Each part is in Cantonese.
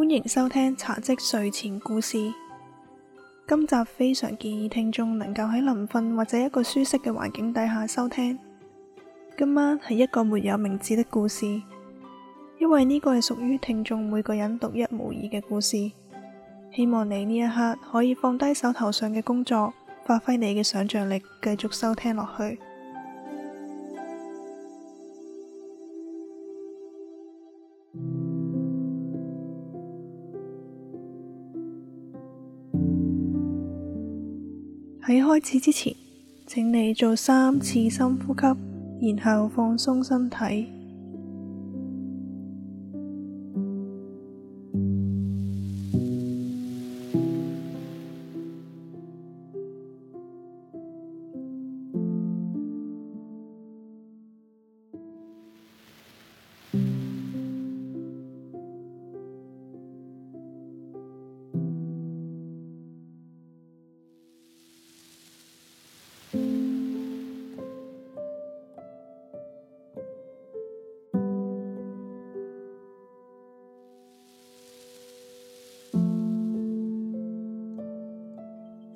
歡迎收聽茶跡睡前故事。今集非常建議聽眾能夠喺臨瞓或者一個舒適嘅環境底下收聽。今晚係一個沒有名字的故事，因為呢個係屬於聽眾每個人獨一無二嘅故事。希望你呢一刻可以放低手頭上嘅工作，發揮你嘅想象力，繼續收聽落去。開始之前，請你做三次深呼吸，然後放鬆身體。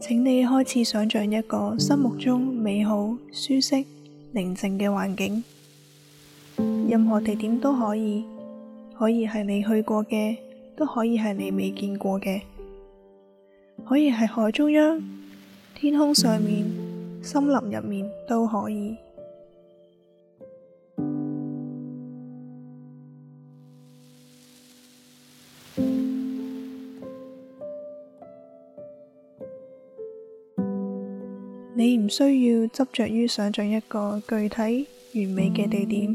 請你開始想象一個心目中美好、舒適、寧靜嘅環境。任何地點都可以，可以係你去過嘅，都可以係你未見過嘅。可以係海中央、天空上面、森林入面都可以。你唔需要執着於想象一個具體、完美嘅地點，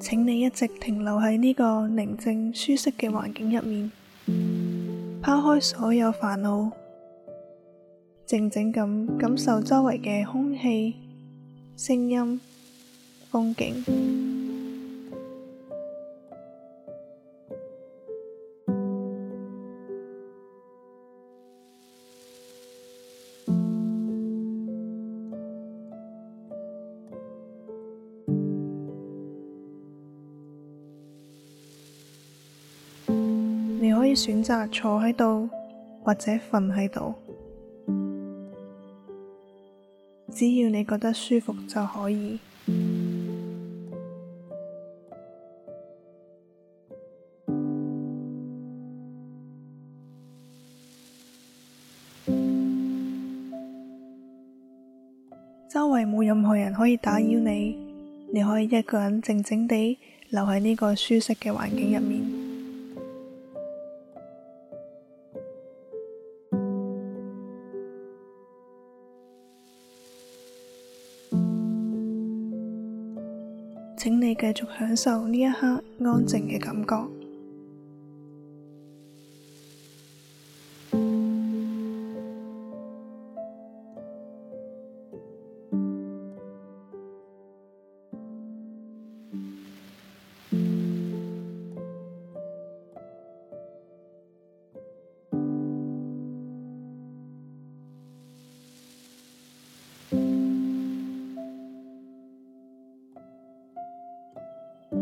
請你一直停留喺呢個寧靜、舒適嘅環境入面，拋開所有煩惱，靜靜咁感受周圍嘅空氣。生、聲音、風景。你可以選擇坐喺度，或者瞓喺度，只要你覺得舒服就可以，周圍冇任何人可以打擾你，你可以一個人靜靜地留喺呢個舒適嘅環境入面。請你繼續享受呢一刻安靜嘅感覺。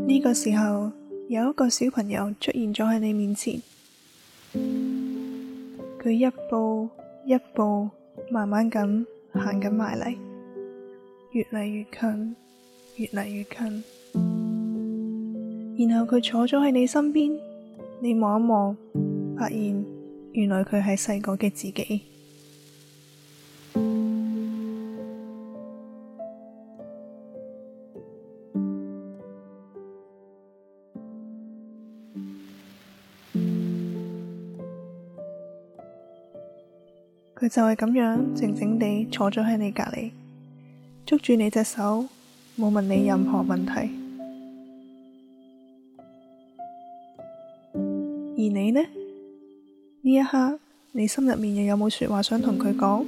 呢個時候，有一個小朋友出現咗喺你面前，佢一步一步慢慢咁行緊埋嚟，越嚟越近，越嚟越近。然後佢坐咗喺你身邊，你望一望，發現原來佢係細個嘅自己。佢就係咁樣靜靜地坐咗喺你隔籬，捉住你隻手，冇問你任何問題。而你呢？呢一刻，你心入面又有冇說話想同佢講？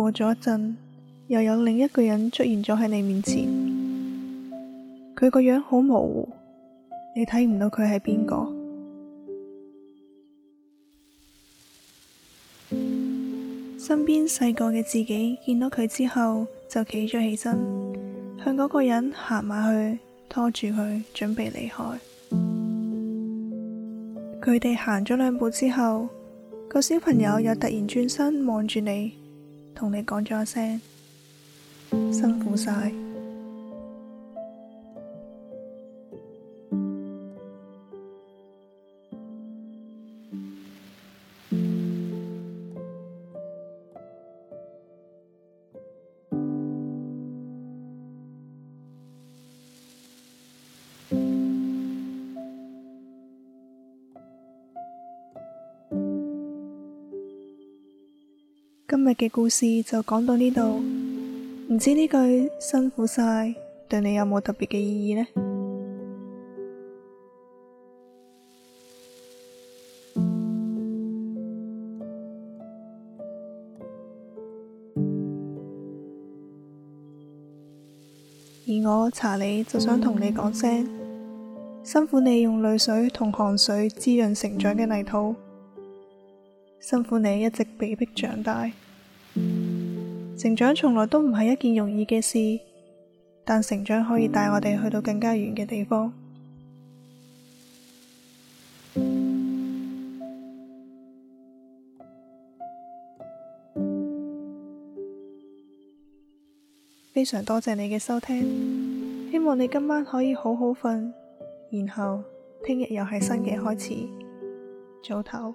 過咗一陣，又有另一個人出現咗喺你面前。佢個樣好模糊，你睇唔到佢係邊個。身邊細個嘅自己見到佢之後，就企咗起身，向嗰個人行埋去，拖住佢準備離開。佢哋行咗兩步之後，個小朋友又突然轉身望住你。同你講咗一聲，辛苦晒。今日嘅故事就講到呢度，唔知呢句辛苦晒對你有冇特別嘅意義呢？而我查理就想同你講聲，辛苦你用淚水同汗水滋潤成長嘅泥土。辛苦你一直被迫長大，成長從來都唔係一件容易嘅事，但成長可以帶我哋去到更加遠嘅地方。 非常多謝你嘅收聽，希望你今晚可以好好瞓，然後聽日又係新嘅開始。早唞。